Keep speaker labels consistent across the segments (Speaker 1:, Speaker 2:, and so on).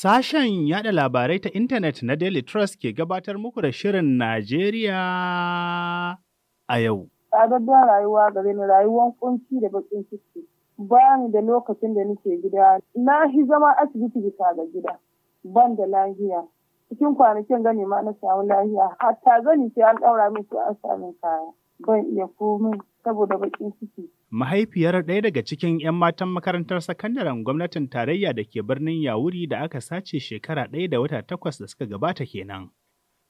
Speaker 1: Sashen yada labarai ta intanet na Daily Trust ke gabatar muku da Shirin Najeriya a yau. don rayuwa gare
Speaker 2: ni rayuwan kunci da bakin ciki. Bayan da lokacin da nake gida. Na shi zama asibiti bisa ga gida. Ban da lahiya. Cikin kwanakin gani ma na samu lahiya. Hatta zani sai an ɗaura min sai an samu kaya. Ban iya komai saboda bakin
Speaker 1: ciki. mahaifiyar ɗaya daga cikin 'yan matan makarantar sakandaren gwamnatin tarayya da ke birnin Yawuri da aka sace shekara ɗaya da wata takwas da suka gabata kenan.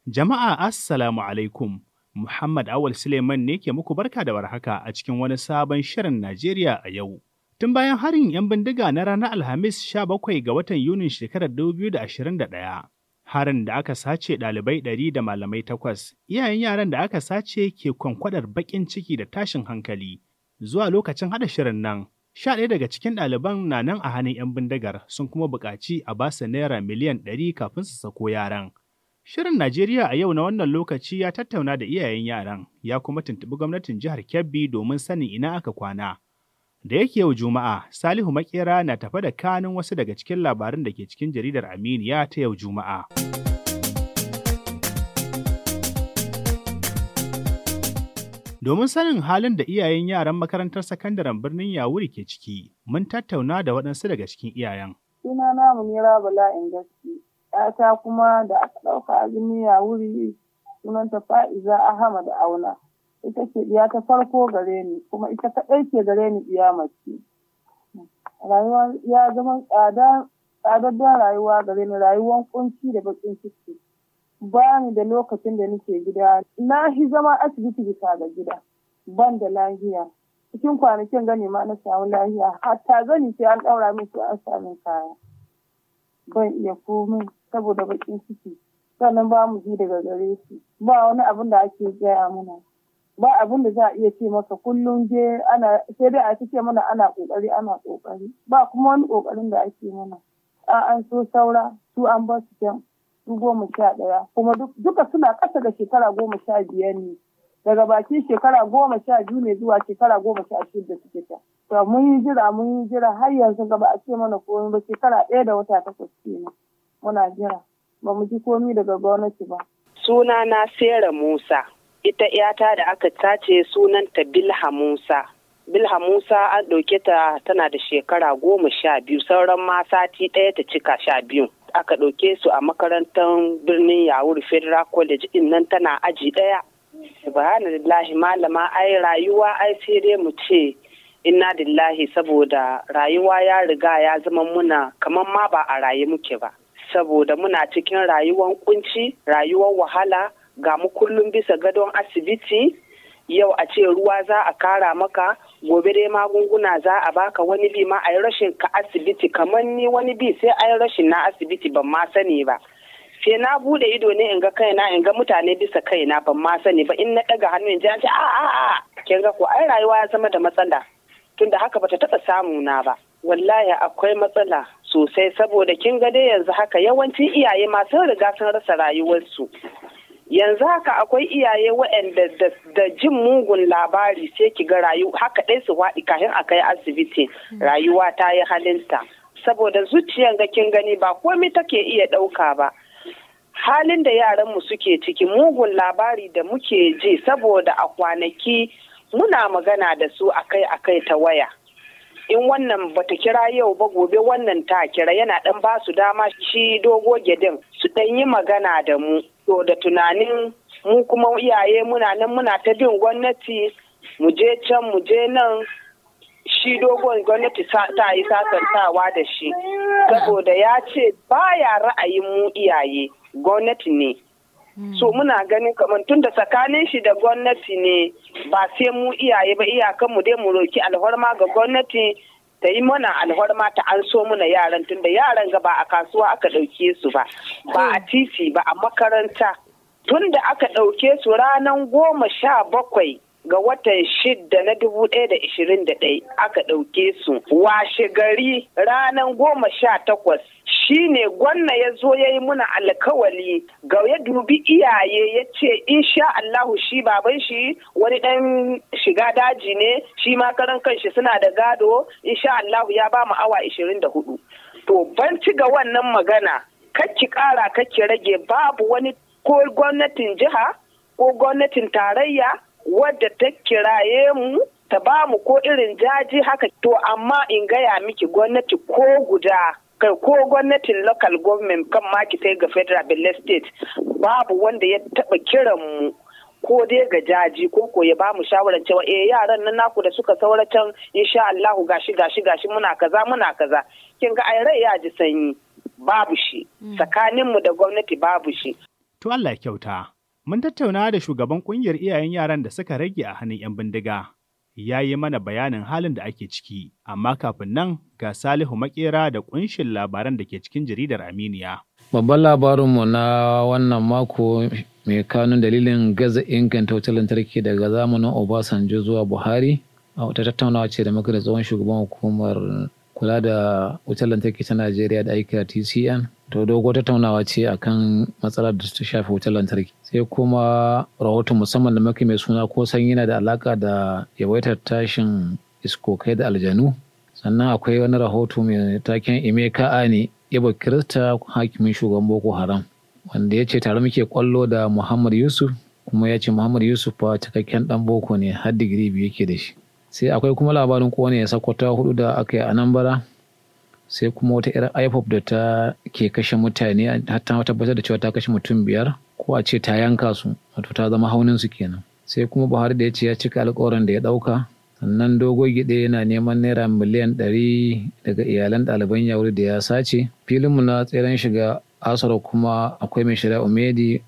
Speaker 1: Jama'a Assalamu alaikum, Muhammad Awal Suleiman ne ke muku barka da warhaka a cikin wani sabon shirin Najeriya a yau. Tun bayan harin 'yan bindiga na ranar Alhamis sha bakwai ga watan Yunin shekarar da ɗaya. harin da aka sace ɗalibai ɗari da malamai takwas, iyayen yaran da aka sace ke kwankwadar baƙin ciki da tashin hankali. zuwa lokacin haɗa shirin nan sha ɗaya daga cikin ɗaliban na nan a hannun 'yan bindigar sun kuma buƙaci a ba su naira miliyan ɗari kafin su sako yaran shirin najeriya a yau na wannan lokaci ya tattauna da iyayen yaran ya kuma tuntuɓi gwamnatin jihar kebbi domin sanin ina aka kwana da yake yau juma'a salihu makera na tafa da kanin wasu daga cikin labarin da ke cikin jaridar aminiya ta yau juma'a. Domin sanin halin da iyayen yaran makarantar sakandaren birnin Yawuri ke ciki, mun tattauna da waɗansu daga cikin iyayen.
Speaker 2: Suna na Munira Bala Ingaski, ‘yata kuma da aka ɗauka a birnin Yawuri sunanta Fa'iza Ahmad Auna. Ita ce ɗiya ta farko gare ni, kuma ita kaɗai ɗauke gare ni ɗiya mace. Rayuwa ya zama tsadar rayuwa gare ni, rayuwar kunci da baƙin ciki. Bani da lokacin da nake gida na shi zama asibiti bisa ga gida ban da lahiya cikin kwanakin gani ma na samu lahiya hatta zani sai an daura min sai an samu kaya ban iya komai saboda bakin ciki sannan ba mu ji daga gare su ba wani abin da ake gaya mana ba abin da za a iya ce maka kullum je ana sai dai a ce mana ana kokari ana kokari ba kuma wani kokarin da ake mana a an so saura su an ba su goma sha ɗaya kuma duka suna ƙasa da shekara goma sha biyar ne daga bakin shekara goma sha biyu ne zuwa shekara goma sha shida suke ta to mun yi jira mun yi jira har yanzu gaba a ce mana komai ba shekara ɗaya da wata takwas kenan muna jira ba mu ji komai daga gwamnati ba
Speaker 3: suna na sera musa ita iyata da aka tace sunanta bilha musa bilha musa an ɗauke ta tana da shekara goma sha biyu sauran ma sati ɗaya ta cika sha biyu aka ɗauke su a makarantar birnin yawur federal college in nan tana aji ɗaya subhanallahi malama ai rayuwa ai sai dai mu ce inna dillahi saboda rayuwa ya riga ya zama muna kamar ma ba a raye muke ba saboda muna cikin rayuwar kunci rayuwar wahala ga mu kullum bisa gadon asibiti yau a ce ruwa za a kara maka gobe dai magunguna za a baka wani bi ma a yi rashin ka asibiti kamar ni wani bi sai a yi rashin na asibiti ban ma sani ba sai na bude ido ne in ga kaina in ga mutane bisa kaina ban ma sani ba in na daga hannu in ji an ce a a a kin ga ko ai rayuwa ya zama da matsala tunda haka bata taba samu na ba wallahi akwai matsala sosai saboda kin ga dai yanzu haka yawancin iyaye masu riga sun rasa rayuwarsu yanzu haka akwai iyaye waɗanda da jin mugun labari sai ki ga rayu haka ɗaya su waɗi kafin a kai asibiti hmm. rayuwa ta yi halinta saboda zuciyan ga kin gani ba komai take iya ɗauka ba halin da yaranmu suke ciki mugun labari da muke ji saboda a kwanaki muna magana da su akai-akai ta waya in wannan bata kira yau ba gobe wannan ta kira yana ɗan ba su dama shi dogo gedin su ɗan yi magana da mu so da tunanin mu kuma iyaye muna nan muna ta bin gwamnati mu je can mu je nan shi dogon gwamnati ta yi sasantawa da shi saboda ya ce baya ra'ayin mu iyaye gwamnati ne hmm. so muna ganin kamar tun da tsakanin shi da gwamnati ne ba sai mu iyaye ba iyakan mu dai mu roki alhorma ga gwamnati ta yi mana alhorma ta an so mana yaran tunda yaran gaba a kasuwa aka ɗauke su ba ba a mm. titi ba a makaranta tunda aka ɗauke su ranar goma sha bakwai ga watan shida na dubu ɗaya da ishirin da ɗaya aka ɗauke su washe gari ranar goma sha takwas shi ne gwanna ya zo ya yi muna alkawali ga ya dubi iyaye ya ce insha Allahu shi baban shi wani ɗan shiga daji ne shi ma karan kanshi suna da gado insha Allahu ya ba awa ishirin da hudu to ban ci ga wannan magana kakki ƙara kakki rage babu wani ko gwamnatin jiha ko gwamnatin tarayya wadda ta kiraye mu ta ba mu ko irin jaji haka to amma in gaya miki gwamnati ko guda kai ko gwamnatin local government kan ma sai ga federal belle state babu wanda ya taba kiran mu ko dai ga jaji ko ko ya ba mu shawaran cewa eh yaran nan naku da suka saura can insha Allah gashi gashi gashi muna kaza muna kaza kin ga ai rai ya ji sanyi babu shi mm. tsakaninmu da gwamnati babu shi
Speaker 1: to Allah ya kyauta Mun tattauna da shugaban ƙungiyar iyayen yaran da suka rage a hannun 'yan bindiga. Ya yi mana bayanin halin da ake ciki, amma kafin nan ga Salihu Makera da ƙunshin labaran da ke cikin jaridar Aminiya.
Speaker 4: Babban labarinmu na wannan mako mai kanun dalilin gaza inganta wutar lantarki daga zamanin Obasanjo zuwa Buhari, wata tattaunawa ce da muka da tsohon shugaban hukumar kula da wutar lantarki ta Najeriya da aiki TCN to dogo tattaunawa ce akan matsalar da ta shafi wutar lantarki sai kuma rahoton musamman da muke mai suna ko san yana da alaka da yawaitar tashin iskokai da aljanu sannan akwai wani rahoto mai taken ime ani yaba kirista hakimin shugaban boko haram wanda ya ce tare muke kwallo da muhammad yusuf kuma ya ce muhammad yusuf fa cikakken dan boko ne har digiri biyu yake da shi sai akwai kuma labarin kowane ya sakwata hudu da aka yi a nan bara sai kuma wata irin ipop da ta ke kashe mutane hatta tabbatar da cewa ta kashe mutum biyar ko a ce ta yanka su wato ta zama haunin su kenan sai kuma buhari da ya ce ya cika alkawarin da ya dauka sannan dogo gide yana neman naira miliyan ɗari daga iyalan ɗaliban yawuri da ya sace filinmu na tseren shiga asar kuma akwai mai shari'a umedi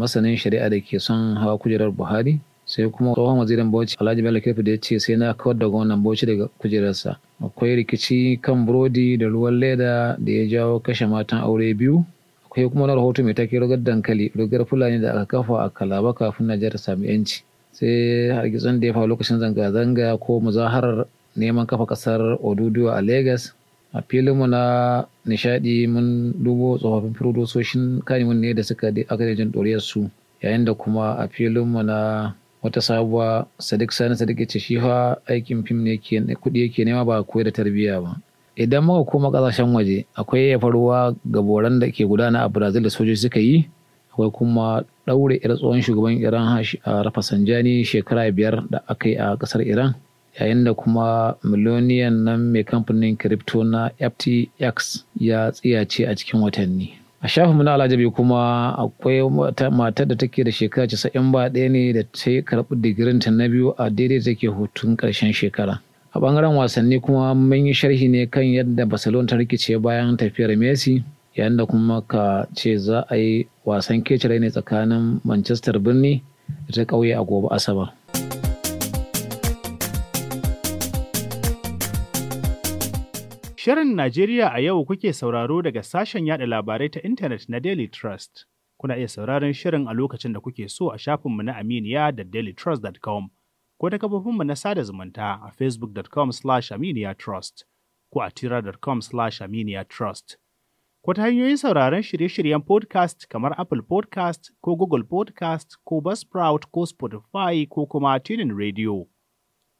Speaker 4: masanin shari'a da ke son hawa kujerar buhari sai kuma tsohon wazirin bauchi alhaji bello kirfi da ya ce sai na kawar da gwamnan bauchi daga kujerarsa akwai rikici kan burodi da ruwan leda da ya jawo kashe matan aure biyu akwai kuma na rahoto mai take rugar dankali rugar fulani da aka kafa a kalaba kafin na ta sami yanci sai hargitsin da ya faru lokacin zanga-zanga ko muzaharar neman kafa kasar oduduwa a lagos a filinmu na nishadi mun dubo tsofaffin firodososhin kanimun ne da suka aka jin ɗoriyar su yayin da kuma a filin mu na wata sabuwa sadiq sani sadiq ce shi fa aikin fim ne ke kuɗi yake nema ba koyar da tarbiyya ba idan muka koma kasashen waje akwai ya faruwa ga boran da ke gudana a brazil da sojoji suka yi akwai kuma ɗaure yar tsohon shugaban iran a sanjani shekara biyar da aka yi a ƙasar iran yayin da kuma miliyoniyan nan mai kamfanin crypto na ftx ya tsiyace a cikin watanni a shafin na alajabi kuma akwai matar da take da shekara casa'in ba ɗaya ne da ta karɓi digirinta na biyu a daidai take hutun ƙarshen shekara a ɓangaren wasanni kuma mun yi sharhi ne kan yadda barcelona ta rikice bayan tafiyar messi yayin da kuma ka ce za a yi wasan kecire ne tsakanin manchester birni da ta ƙauye a gobe asabar
Speaker 1: Shirin Najeriya a yau kuke sauraro daga sashen yada labarai ta intanet na Daily Trust. Kuna iya sauraron shirin a lokacin da kuke so a shafinmu na Aminiya da dailytrust.com ko ta kafofinmu na sada zumunta a facebook.com slash aminiyatrust ko a tira.com slash aminiyatrust. Ko ta hanyoyin sauraron shirye-shiryen podcast kamar Apple podcast ko Google podcast ko Buzzsprout ko Spotify ko kuma Tuning Radio.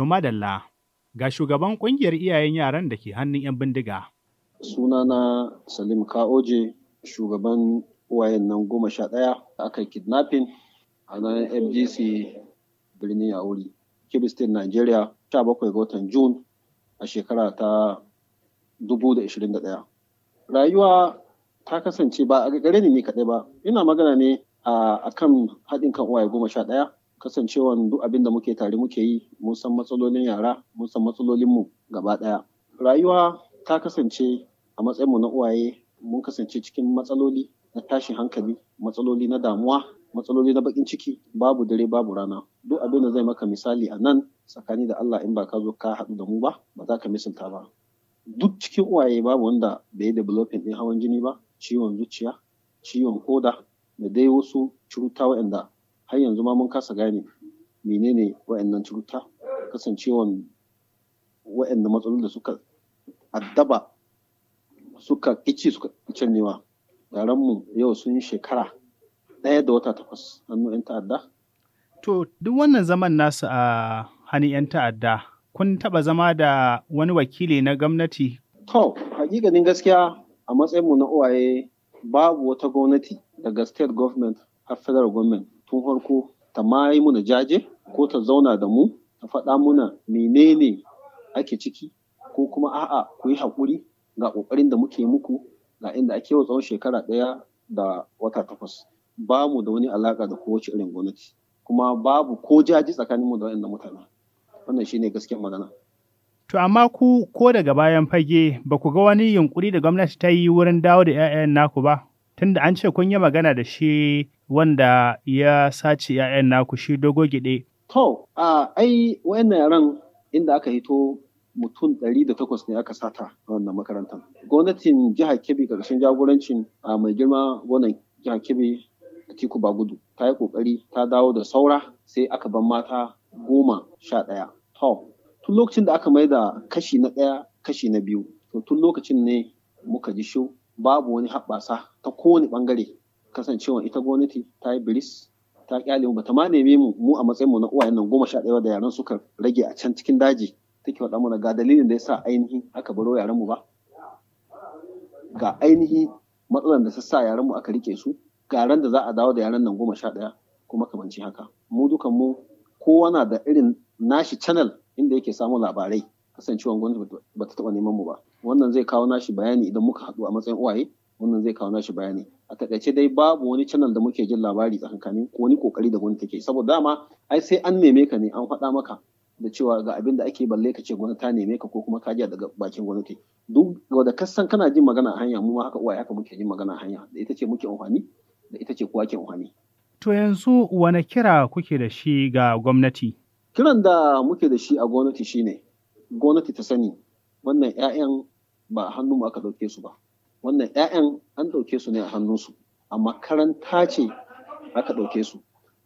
Speaker 1: To madalla, ga shugaban ƙungiyar iyayen yaran da ke hannun 'yan bindiga.
Speaker 5: Sunana Salim Ka'oje, shugaban wayan nan goma sha ɗaya da aka kidnapping a nan FGC Birnin a wuri. Kebbi State, Nigeria, 17 ga watan Jun a shekara ta 2021. Rayuwa ta kasance ba a gare ni ne kaɗai ba, ina magana ne a kan haɗin kan uwaye goma sha ɗaya kasancewan duk abin da muke tare muke yi mun san matsalolin yara mun san matsalolin mu gaba daya rayuwa ta kasance a matsayin mu na uwaye mun kasance cikin matsaloli na tashin hankali matsaloli na damuwa matsaloli na bakin ciki babu dare babu rana duk abin da zai maka misali a nan tsakani da Allah in ba ka zo ka haɗu da mu ba ba za ka misalta ba duk cikin uwaye babu wanda bai yi developing ɗin hawan jini ba ciwon zuciya ciwon koda da dai wasu cuta waɗanda har yanzu ma mun kasa gane menene wa'annan cuta kasancewa wa'anda matsalolin da suka addaba suka ice suka cannewa mu yau sun shekara ɗaya da wata takwas hannu 'yan ta'adda?
Speaker 1: To, duk wannan zaman nasu a hannun 'yan ta'adda, kun taɓa zama da wani wakili na gwamnati? To,
Speaker 5: hakikanin gaskiya a matsayin mu na uwaye babu wata gwamnati daga state government har federal government tun farko ta mayi muna jaje ko ta zauna da mu ta faɗa muna menene ake ciki ko kuma a'a ku yi haƙuri ga ƙoƙarin da muke muku ga inda ake wa tsawon shekara ɗaya da wata takwas ba mu da wani alaƙa da kowace irin gwamnati kuma babu ko jaji tsakanin mu da wa'in mutane wannan shine gaskiyar magana.
Speaker 1: To amma ku ko daga bayan fage ba ku ga wani yunƙuri da gwamnati ta yi wurin dawo da 'ya'yan naku ba? tunda an ce kun yi magana da shi wanda ya sace 'ya'yan naku shi dogo gide. To,
Speaker 5: a ai wayan yaran inda aka hito mutum ɗari da takwas ne aka sata a wannan makarantar. Gwamnatin jihar Kebbi ƙarshen jagorancin a mai girma wannan jihar Kebbi a ba Bagudu ta yi ƙoƙari ta dawo da saura sai aka ban mata goma sha ɗaya. To, tun lokacin da aka mai da kashi na ɗaya kashi na biyu. To, tun lokacin ne muka ji shu. babu wani haɓasa ta kowane ɓangare kasancewa ita gwamnati ta yi biris ta kyale mu bata ma neme mu a matsayin mu na uwayen nan goma sha ɗaya da yaran suka rage a can cikin daji take faɗa mana ga dalilin da ya sa ainihi aka baro yaran mu ba ga ainihi matsalar da sa yaran mu aka rike su ga ran da za a dawo da yaran nan goma sha ɗaya kuma kamanci haka mu dukan mu kowa na da irin nashi channel inda yake samun labarai kasancewan gwamnati ba ta taba neman mu ba wannan zai kawo nashi bayani idan muka haɗu a matsayin uwaye wannan zai kawo nashi bayani a takaice dai babu wani channel da muke jin labari tsakankanin ko wani kokari da gwamnati ke saboda dama ai sai an neme ka ne an faɗa maka da cewa ga abin da ake balle ka ce gwamnati ta neme ka ko kuma ka ji daga bakin gwamnati duk da kasan kana jin magana a hanya mu ma haka uwaye haka muke jin magana a hanya da ita ce muke amfani da ita ce kowa ke amfani
Speaker 1: to yanzu wani kira kuke da shi ga gwamnati kiran da muke
Speaker 5: da shi a gwamnati shine gwamnati ta sani wannan 'ya'yan ba a hannunmu aka ɗauke su ba wannan 'ya'yan an ɗauke su ne a hannunsu a makaranta ce aka ɗauke su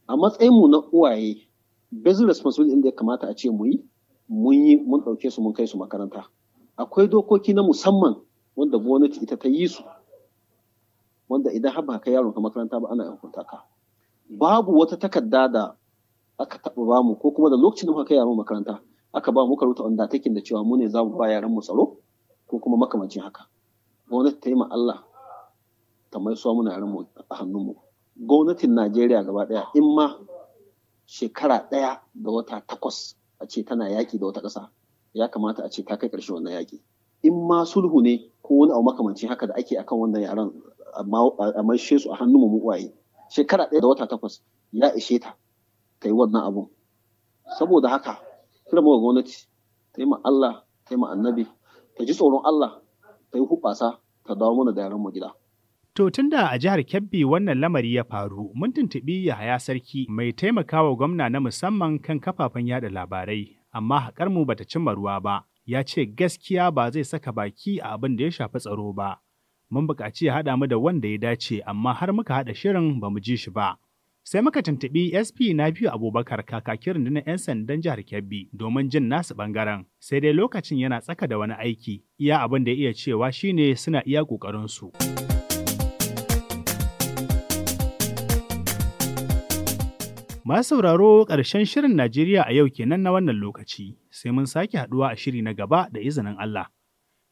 Speaker 5: a matsayinmu na uwaye basic responsibility da ya kamata a ce mu yi mun yi mun ɗauke su mun kai su makaranta akwai dokoki na musamman wanda gwamnati ita ta yi su wanda idan har ba kai yaron ka makaranta ba ana hukunta ka babu wata takarda da aka taɓa mu ko kuma da lokacin da muka kai yaron makaranta aka ba muka rubuta undertaking da cewa mu ne za mu ba yaran mu tsaro ko kuma makamancin haka gwamnati ta yi ma Allah ta mai so muna yaran mu a hannunmu gwamnatin Najeriya gaba daya in ma shekara daya da wata takwas a ce tana yaki da wata ƙasa ya kamata a ce ta kai ƙarshe wannan yaki in ma sulhu ne ko wani abu makamancin haka da ake akan wannan yaran a maishe su a hannunmu mu uwaye shekara ɗaya da wata takwas ya ishe ta ta yi wannan abun saboda haka wa gwamnati ta yi Allah ta yi annabi ta ji tsoron Allah ta yi hubasa ta dawo mana da yaran mu gida.
Speaker 1: To tun da a jihar Kebbi wannan lamari ya faru, mun tuntuɓi Yahaya Sarki mai taimakawa gwamna na musamman kan kafafen yada labarai, amma haƙar mu bata cimma ruwa ba, ya ce gaskiya ba zai saka baki a abin da ya shafi tsaro ba. Mun buƙaci ya haɗa mu da wanda ya dace, amma har muka haɗa shirin ba mu ji shi ba. Sai muka tuntuɓi SP na biyu Abubakar kakakin rundunar 'yan sandan jihar Kebbi domin jin nasu ɓangaren. Sai dai lokacin yana tsaka da wani aiki, iya abin da iya cewa shine suna iya ƙoƙarinsu. Masu sauraro ƙarshen shirin Najeriya a yau kenan na wannan lokaci, sai mun sake haɗuwa a shiri na gaba da izinin Allah.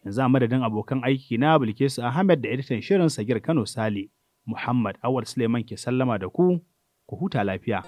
Speaker 1: Yanzu a madadin abokan aiki na Bilkisu Ahmed da editan shirin Sagir Kano Sale, Muhammad Awal Suleiman ke sallama da ku. ku huta lafiya.